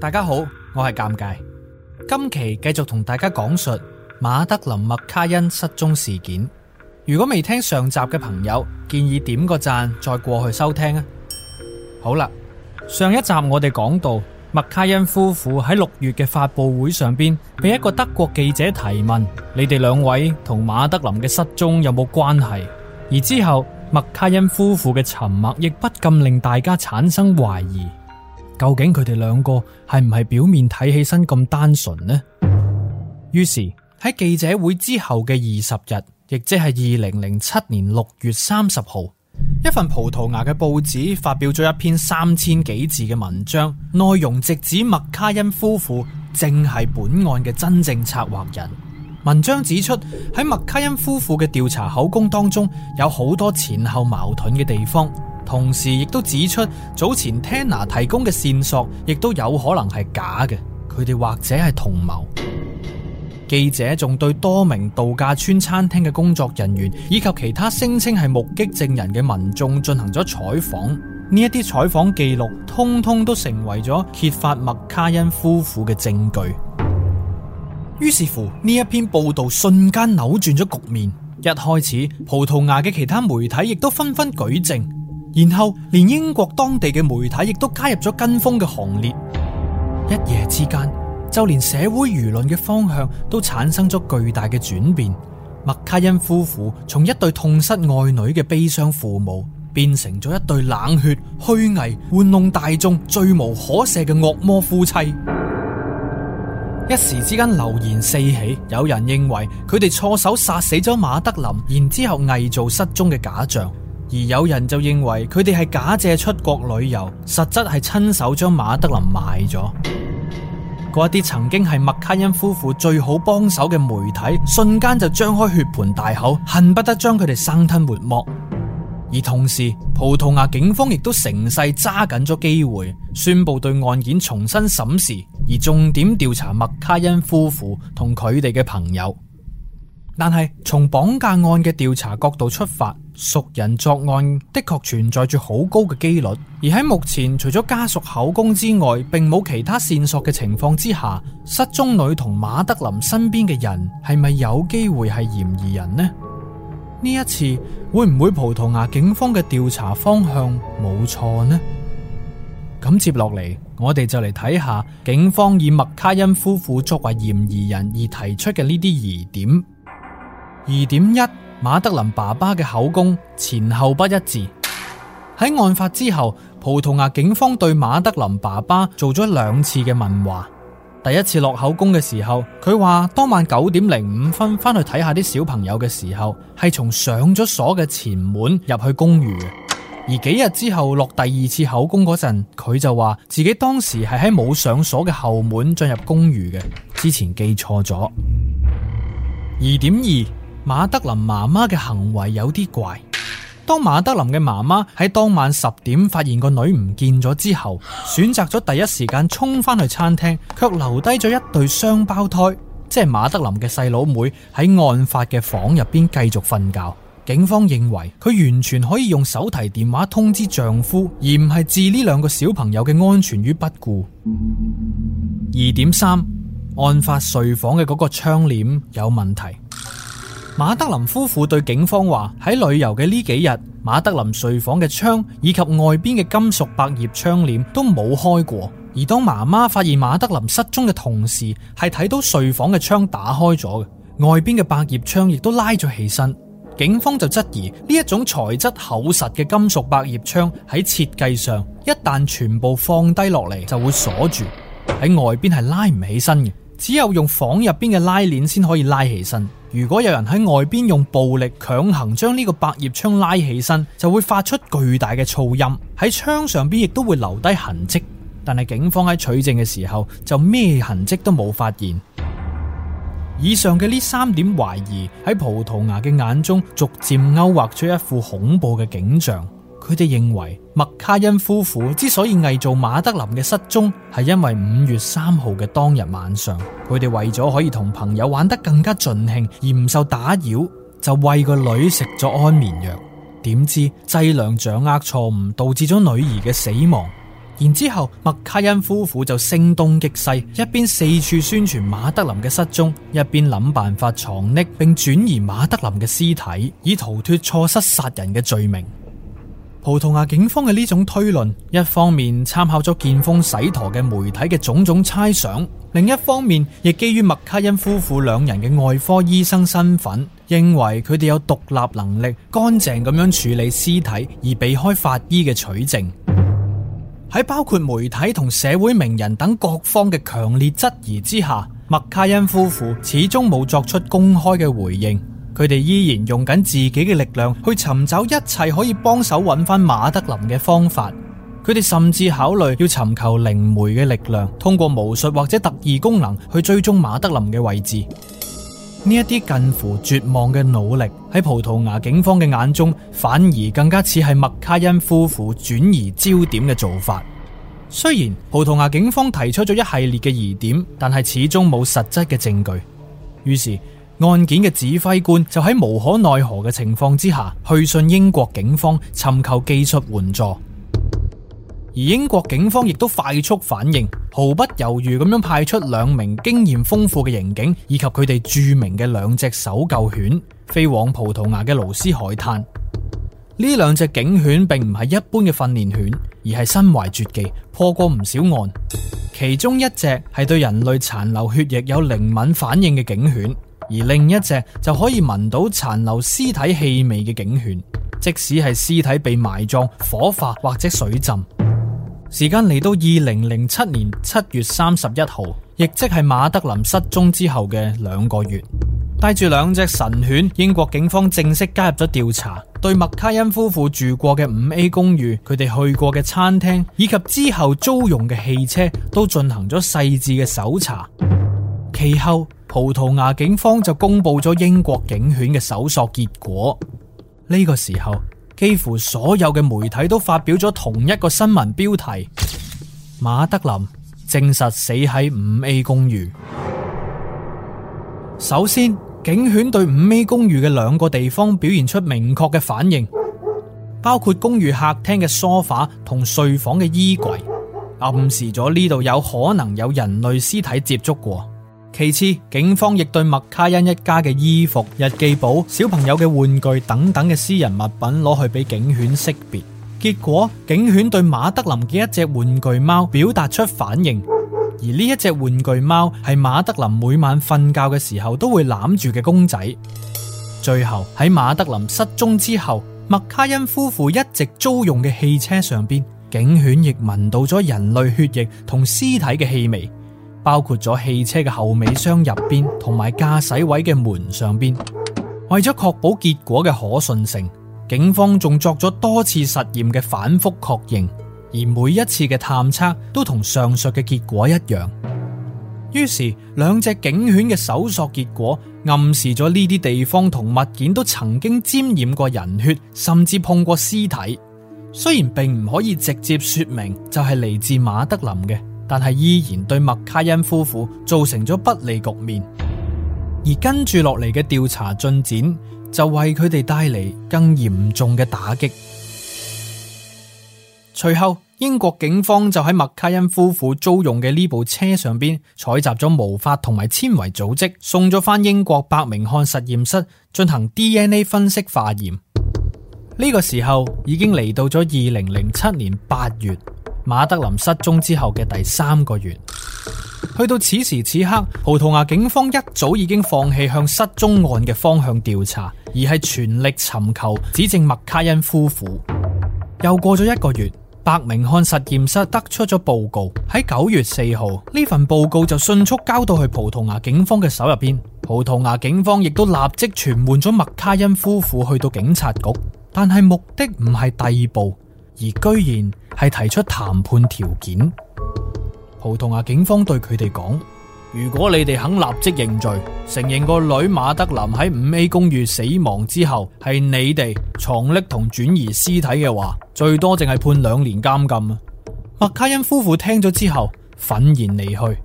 大家好，我係尷尬。今期繼續同大家講述馬德琳麥卡恩失蹤事件。如果未聽上集嘅朋友，建議點個讚再過去收聽啊！好啦，上一集我哋講到麥卡恩夫婦喺六月嘅發佈會上面，被一個德國記者提問：你哋兩位同馬德琳嘅失蹤有冇關係？而之後麥卡恩夫婦嘅沉默亦不禁令大家產生懷疑。究竟佢哋兩個係唔係表面睇起身咁單純呢？於是，喺記者會之後嘅二十日，亦即係二零零七年六月三十號，一份葡萄牙嘅報紙發表咗一篇三千幾字嘅文章，內容直指麥卡恩夫婦正係本案嘅真正策劃人。文章指出，喺麥卡恩夫婦嘅調查口供當中，有好多前後矛盾嘅地方。同時亦都指出，早前 Tina 提供嘅線索亦都有可能係假嘅，佢哋或者係同謀。 記者仲對多名度假村餐廳嘅工作人員以及其他聲稱係目擊證人嘅民眾進行咗採訪，呢一啲採訪記錄通通都成為咗揭發麥卡恩夫婦嘅證據。於 是乎，呢一篇報道瞬間扭轉咗局面。一開始，葡萄牙嘅其他媒體亦都紛紛舉證。然後，連英國當地嘅媒體亦都加入咗跟風嘅行列。一夜之間，就連社會輿論嘅方向都產生咗巨大嘅轉變。麥卡恩夫婦從一對痛失愛女嘅悲傷父母，變成咗一對冷血、虛偽、玩弄大眾、罪無可赦嘅惡魔夫妻。一時之間，流言四起。有人認為佢哋錯手殺死咗馬德琳，然之後偽造失蹤嘅假象。而有人就認為佢哋係假借出國旅遊，實質係親手將馬德琳埋咗。嗰啲曾經係麥卡恩夫婦最好幫手嘅媒體，瞬間就張開血盆大口，恨不得將佢哋生吞活剝。而同時，葡萄牙警方亦都成勢揸緊咗機會，宣布對案件重新審視，而重點調查麥卡恩夫婦同佢哋嘅朋友。但係，從綁架案嘅調查角度出發，熟人作案的確存在住好高嘅幾率。而喺目前除咗家屬口供之外，並冇其他線索嘅情況之下，失蹤女同馬德琳身邊嘅人係咪有機會係嫌疑人呢？呢一次會唔會葡萄牙警方嘅調查方向冇錯呢？咁接落嚟，我哋就嚟睇下警方以麥卡恩夫婦作為嫌疑人而提出嘅呢啲疑點。二點一，馬德琳爸爸嘅口供前後不一致。喺案發之後，葡萄牙警方對馬德琳爸爸做咗兩次嘅問話。第一次落口供嘅時候，佢話當晚九點零五分翻去睇下啲小朋友嘅時候，係從上咗鎖嘅前門入去公寓。而幾日之後落第二次口供嗰陣，佢就話自己當時係喺冇上鎖嘅後門進入公寓嘅，之前記錯咗。二點二。馬德琳媽媽嘅行為有啲怪。當馬德琳嘅媽媽喺當晚十點發現個女唔見咗之後，選擇咗第一時間衝返去餐廳，卻留低咗一對雙胞胎，即係馬德琳嘅細佬妹喺案發嘅房入邊繼續瞓覺。警方認為佢完全可以用手提電話通知丈夫，而唔係置呢兩個小朋友嘅安全於不顧。二點三，案發睡房嘅嗰個窗簾有問題。馬德琳夫婦對警方話：喺旅遊嘅呢幾日，馬德琳睡房嘅窗，以及外邊嘅金屬百葉窗簾都冇開過。而當媽媽發現馬德琳失蹤嘅同時，係睇到睡房嘅窗打開咗嘅，外邊嘅百葉窗亦都拉咗起身。警方就質疑呢一種材質厚實嘅金屬百葉窗喺設計上，一旦全部放低落嚟，就會鎖住喺外邊，係拉唔起身嘅，只有用房入邊嘅拉鏈先可以拉起身。如果有人喺外邊用暴力強行將呢個百葉窗拉起身，就會發出巨大嘅噪音，喺窗上邊亦都會留低痕跡。但係警方喺取證嘅時候，就咩痕跡都冇發現。以上嘅呢三點懷疑，喺葡萄牙嘅眼中，逐漸勾畫出一副恐怖嘅景象。佢哋認為麥卡恩夫婦之所以偽造馬德琳嘅失蹤，係因為五月三號嘅當日晚上，佢哋為咗可以同朋友玩得更加盡興而唔受打擾，就餵個女食咗安眠藥。點知劑量掌握錯誤，導致咗女兒嘅死亡。然之後，麥卡恩夫婦就聲東擊西，一邊四處宣傳馬德琳嘅失蹤，一邊諗辦法藏匿並轉移馬德琳嘅屍體，以逃脫錯失殺人嘅罪名。葡萄牙警方嘅呢種推論，一方面參考咗見風使舵嘅媒體嘅種種猜想，另一方面亦基於麥卡恩夫婦兩人嘅外科醫生身份，認為佢哋有獨立能力，乾淨咁樣處理屍體而避開法醫嘅取證。喺包括媒體同社會名人等各方嘅強烈質疑之下，麥卡恩夫婦始終冇作出公開嘅回應。佢哋依然用緊自己嘅力量去尋找一切可以幫手揾翻馬德琳嘅方法。佢哋甚至考慮要尋求靈媒嘅力量，通過巫術或者特異功能去追蹤馬德琳嘅位置。呢一啲近乎絕望嘅努力，喺葡萄牙警方嘅眼中，反而更加似係麥卡恩夫婦轉移焦點嘅做法。雖然葡萄牙警方提出咗一系列嘅疑點，但係始終冇實質嘅證據。於是，案件嘅指揮官就喺無可奈何嘅情況之下，去信英國警方尋求技術援助，而英國警方亦都快速反應，毫不猶豫咁樣派出兩名經驗豐富嘅刑警以及佢哋著名嘅兩隻搜救犬，飛往葡萄牙嘅勞斯海灘。呢兩隻警犬並唔係一般嘅訓練犬，而係身懷絕技，破過唔少案。其中一隻係對人類殘留血液有靈敏反應嘅警犬。而另一隻就可以聞到殘留屍體氣味嘅警犬，即使係屍體被埋葬、火化或者水浸。時間嚟到二零零七年七月三十一號，亦即係馬德林失蹤之後嘅兩個月，帶住兩隻神犬，英國警方正式加入咗調查，對麥卡恩夫婦住過嘅五 A 公寓、佢哋去過嘅餐廳以及之後租用嘅汽車都進行咗細緻嘅搜查，其後。葡萄牙警方就公布咗英國警犬嘅搜索結果。呢個時候，幾乎所有嘅媒體都發表咗同一個新聞標題：馬德琳證實死喺五 A 公寓。首先，警犬對五 A 公寓嘅兩個地方表現出明確嘅反應，包括公寓客廳嘅梳化同睡房嘅衣櫃，暗示咗呢度有可能有人類屍體接觸過。其次，警方亦對麥卡恩一家嘅衣服、日記簿、小朋友嘅玩具等等嘅私人物品攞去俾警犬識別，結果警犬對馬德琳嘅一隻玩具貓表達出反應，而呢一隻玩具貓係馬德琳每晚瞓覺嘅時候都會攬住嘅公仔。最後喺馬德琳失蹤之後，麥卡恩夫婦一直租用嘅汽車上邊，警犬亦聞到咗人類血液同屍體嘅氣味。包括咗汽車嘅後尾箱入邊同埋駕駛位嘅門上邊，為咗確保結果嘅可信性，警方仲作咗多次實驗嘅反復確認，而每一次嘅探測都同上述嘅結果一樣。於是兩隻警犬嘅搜索結果暗示咗呢啲地方同物件都曾經沾染過人血，甚至碰過屍體。雖然並唔可以直接說明就係嚟自馬德琳嘅。但係依然對麥卡恩夫婦造成咗不利局面，而跟住落嚟嘅調查進展就為佢哋帶嚟更嚴重嘅打擊。隨後，英國警方就喺麥卡恩夫婦租用嘅呢部車上邊採集咗毛髮同埋纖維組織，送咗翻英國伯明翰實驗室進行 DNA 分析化驗。呢個時候已經嚟到咗二零零七年八月。馬德琳失蹤之後嘅第三個月，去到此時此刻，葡萄牙警方一早已經放棄向失蹤案嘅方向調查，而係全力尋求指證麥卡恩夫婦。又過咗一個月，伯明翰實驗室得出咗報告，喺九月四號，呢份報告就迅速交到去葡萄牙警方嘅手入邊。葡萄牙警方亦都立即傳喚咗麥卡恩夫婦去到警察局，但係目的唔係逮捕。而居然係提出談判條件，葡萄牙警方對佢哋講： 如果你哋肯立即認罪，承認個女馬德琳喺五 A 公寓死亡之後係你哋藏匿同轉移屍體嘅話，最多淨係判兩年監禁。麥卡恩夫婦聽咗之後，憤然離去。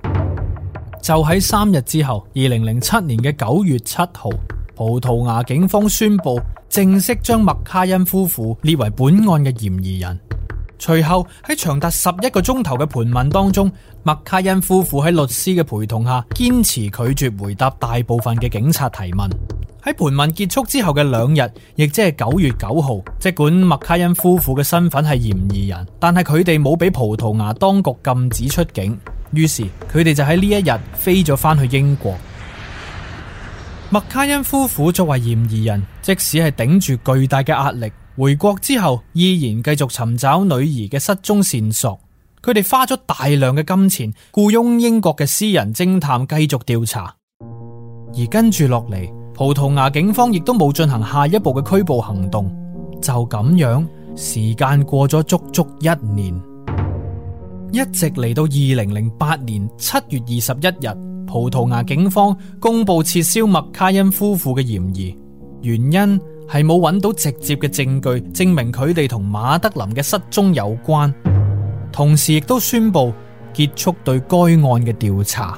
就喺三日之後，二零零七年嘅九月七號，葡萄牙警方宣布。正式將麥卡恩夫婦列為本案嘅嫌疑人。隨後喺長達十一個鐘頭嘅盤問當中，麥卡恩夫婦喺律師嘅陪同下，堅持拒絕回答大部分嘅警察提問。喺盤問結束之後嘅兩日，亦即係九月九號，即管麥卡恩夫婦嘅身份係嫌疑人，但係佢哋冇俾葡萄牙當局禁止出境，於是佢哋就喺呢一日飛咗返去英國。麥卡恩夫婦作為嫌疑人，即使係頂住巨大嘅壓力，回國之後，依然繼續尋找女兒嘅失蹤線索。佢哋花咗大量嘅金錢，僱傭英國嘅私人偵探繼續調查。而跟住落嚟，葡萄牙警方亦都冇進行下一步嘅拘捕行動。就咁樣，時間過咗足足一年，一直嚟到二零零八年七月二十一日。葡萄牙警方公布撤銷麥卡恩夫婦嘅嫌疑，原因係冇揾到直接嘅證據證明佢哋同馬德琳嘅失蹤有關，同時亦都宣布結束對該案嘅調查。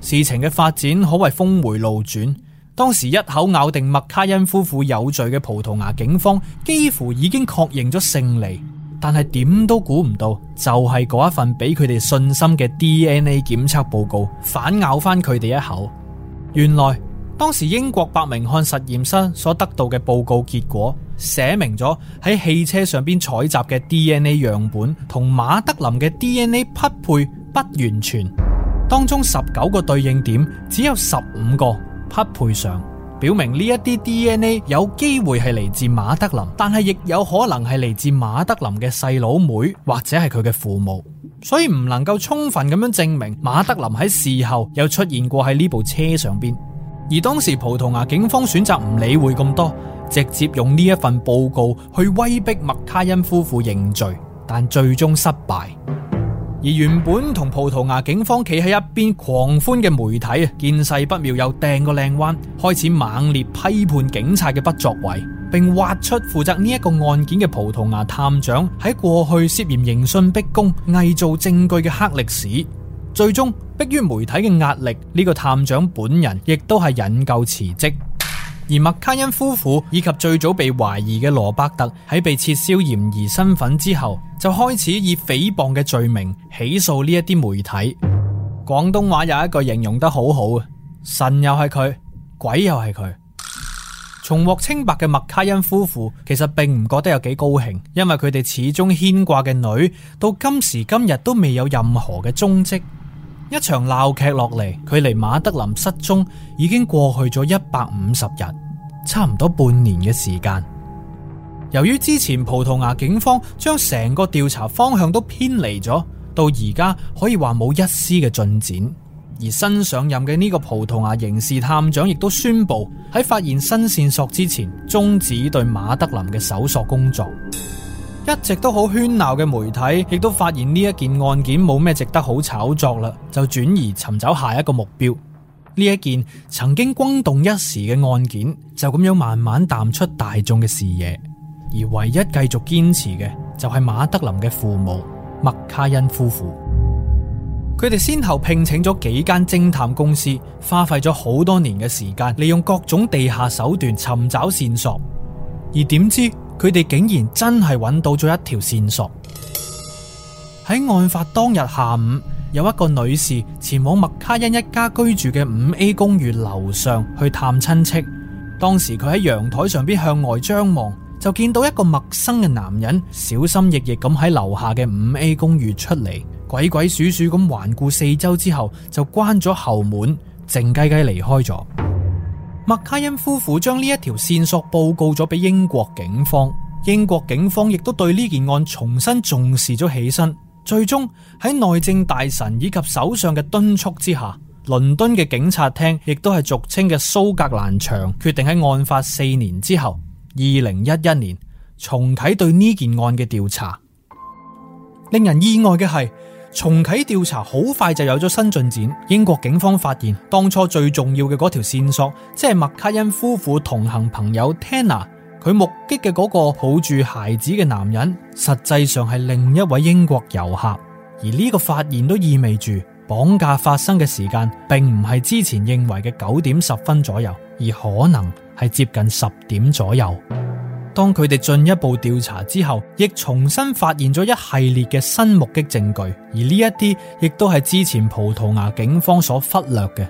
事情嘅發展可謂峰回路轉，當時一口咬定麥卡恩夫婦有罪嘅葡萄牙警方，幾乎已經確認咗勝利。但係點都估唔到，就係嗰一份俾佢哋信心嘅 DNA 檢測報告，反咬翻佢哋一口。原來當時英國伯明翰實驗室所得到嘅報告結果，寫明咗喺汽車上邊採集嘅 DNA 樣本同馬德林嘅 DNA 匹配不完全，當中十九個對應點只有十五個匹配上。表明呢一啲 DNA 有機會係嚟自馬德琳，但係亦有可能係嚟自馬德琳嘅細佬妹或者係佢嘅父母，所以唔能夠充分咁樣證明馬德琳喺事後又出現過喺呢部車上邊。而當時葡萄牙警方選擇唔理會咁多，直接用呢一份報告去威逼麥卡恩夫婦認罪，但最終失敗。而原本同葡萄牙警方企喺一邊狂歡嘅媒體啊，見勢不妙，又掟個靚彎，開始猛烈批判警察嘅不作為，并挖出負責呢一個案件嘅葡萄牙探長喺過去涉嫌刑訊逼供、偽造證據嘅黑歷史。最終，迫於媒體嘅壓力，呢、這個探長本人亦都係引咎辭職。而麥卡恩夫婦以及最早被懷疑嘅羅伯特喺被撤銷嫌疑身份之後，就開始以誹謗嘅罪名起訴呢一啲媒體。廣東話有一句形容得好好啊，神又係佢，鬼又係佢。重獲清白嘅麥卡恩夫婦其實並唔覺得有幾高興，因為佢哋始終牽掛嘅女到今時今日都未有任何嘅蹤跡。一場鬧劇落嚟，距離馬德林失蹤已經過去咗一百五十日，差唔多半年嘅時間。由於之前葡萄牙警方將成個調查方向都偏離咗，到而家可以話冇一絲嘅進展。而新上任嘅呢個葡萄牙刑事探長亦都宣布喺發現新線索之前，終止對馬德林嘅搜索工作。一直都好喧鬧嘅媒體，亦都發現呢一件案件冇咩值得好炒作啦，就轉移尋找下一個目標。呢一件曾經轟動一時嘅案件，就咁樣慢慢淡出大眾嘅視野。而唯一繼續堅持嘅，就係馬德琳嘅父母麥卡恩夫婦。佢哋先後聘請咗幾間偵探公司，花費咗好多年嘅時間，利用各種地下手段尋找線索。而點知？佢哋竟然真係揾到咗一條線索。喺案發當日下午，有一個女士前往麥卡恩一家居住嘅五 A 公寓樓上去探親戚。當時佢喺陽台上邊向外張望，就見到一個陌生嘅男人小心翼翼咁喺樓下嘅五 A 公寓出嚟，鬼鬼祟祟咁環顧四周之後，就關咗後門，靜雞雞離開咗。麥卡恩夫婦將呢一條線索報告咗俾英國警方，英國警方亦都對呢件案重新重視咗起身。最終喺內政大臣以及首相嘅敦促之下，倫敦嘅警察廳亦都係俗稱嘅蘇格蘭場，決定喺案發四年之後，二零一一年重啟對呢件案嘅調查。令人意外嘅係。重啟調查好快就有咗新進展。英國警方發現當初最重要嘅嗰條線索，即係麥卡恩夫婦同行朋友 Tanner 佢目擊嘅嗰個抱住孩子嘅男人，實際上係另一位英國遊客。而呢個發現都意味住綁架發生嘅時間，並唔係之前認為嘅九點十分左右，而可能係接近十點左右。當佢哋進一步調查之後，亦重新發現咗一系列嘅新目擊證據，而呢一啲亦都係之前葡萄牙警方所忽略嘅。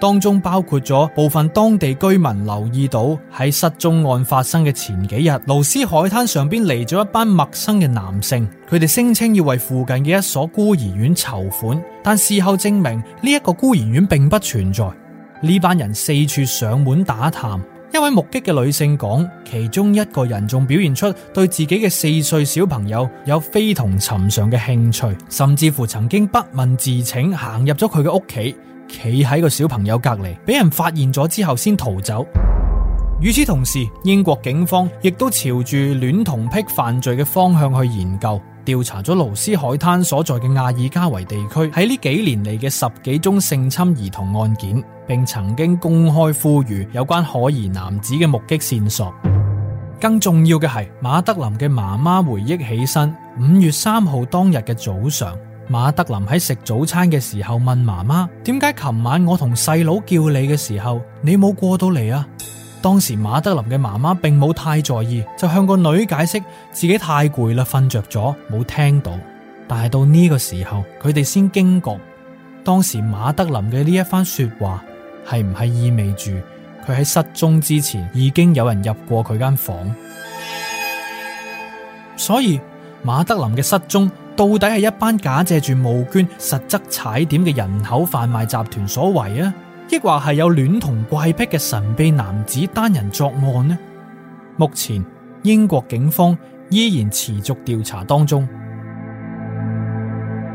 當中包括咗部分當地居民留意到喺失蹤案發生嘅前幾日，盧斯海灘上邊嚟咗一班陌生嘅男性，佢哋聲稱要為附近嘅一所孤兒院籌款，但事後證明呢一個孤兒院並不存在。呢班人四處上門打探。一位目擊嘅女性講，其中一個人仲表現出對自己嘅四歲小朋友有非同尋常嘅興趣，甚至乎曾經不問自請行入咗佢嘅屋企，企喺個小朋友隔籬，俾人發現咗之後先逃走。與此同時，英國警方亦都朝住戀童癖犯罪嘅方向去研究。調查咗勞斯海灘所在嘅亞爾加維地區喺呢幾年嚟嘅十幾宗性侵兒童案件，並曾經公開呼籲有關可疑男子嘅目擊線索。更重要嘅係，馬德琳嘅媽媽回憶起身五月三號當日嘅早上，馬德琳喺食早餐嘅時候問媽媽：點解琴晚我同細佬叫你嘅時候，你冇過到嚟啊？當時馬德琳嘅媽媽並冇太在意，就向個女解釋自己太攰啦，瞓着咗冇聽到。但係到呢個時候，佢哋先驚覺，當時馬德琳嘅呢一番說話係唔係意味住佢喺失蹤之前已經有人入過佢間房。所以馬德琳嘅失蹤到底係一班假借住募捐，實質踩點嘅人口販賣集團所為啊！抑或係有戀童怪癖嘅神秘男子單人作案呢？目前英國警方依然持續調查當中。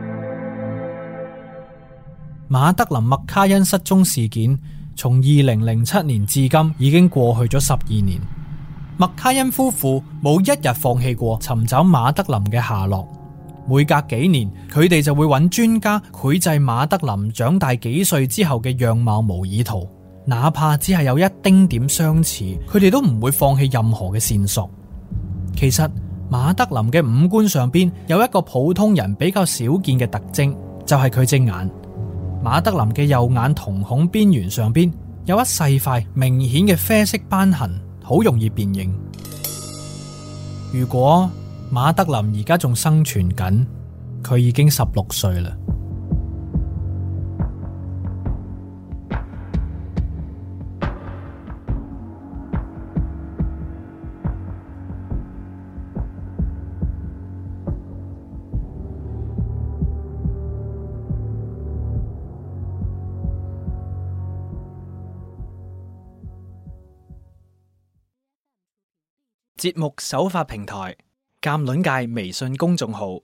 馬德琳·麥卡恩失蹤事件從二零零七年至今已經過去咗十二年，麥卡恩夫婦冇一日放棄過尋找馬德琳嘅下落。每隔幾年，佢哋就會揾專家繪製馬德琳長大幾歲之後嘅樣貌模擬圖，哪怕只係有一丁點相似，佢哋都唔會放棄任何嘅線索。其實馬德琳嘅五官上邊有一個普通人比較少見嘅特徵，就係佢隻眼。馬德琳嘅右眼瞳孔邊緣上邊有一細塊明顯嘅啡色斑痕，好容易辨認。如果馬德琳而家仲生存緊，佢已經十六歲啦。節目首發平台。鑑論界微信公眾號。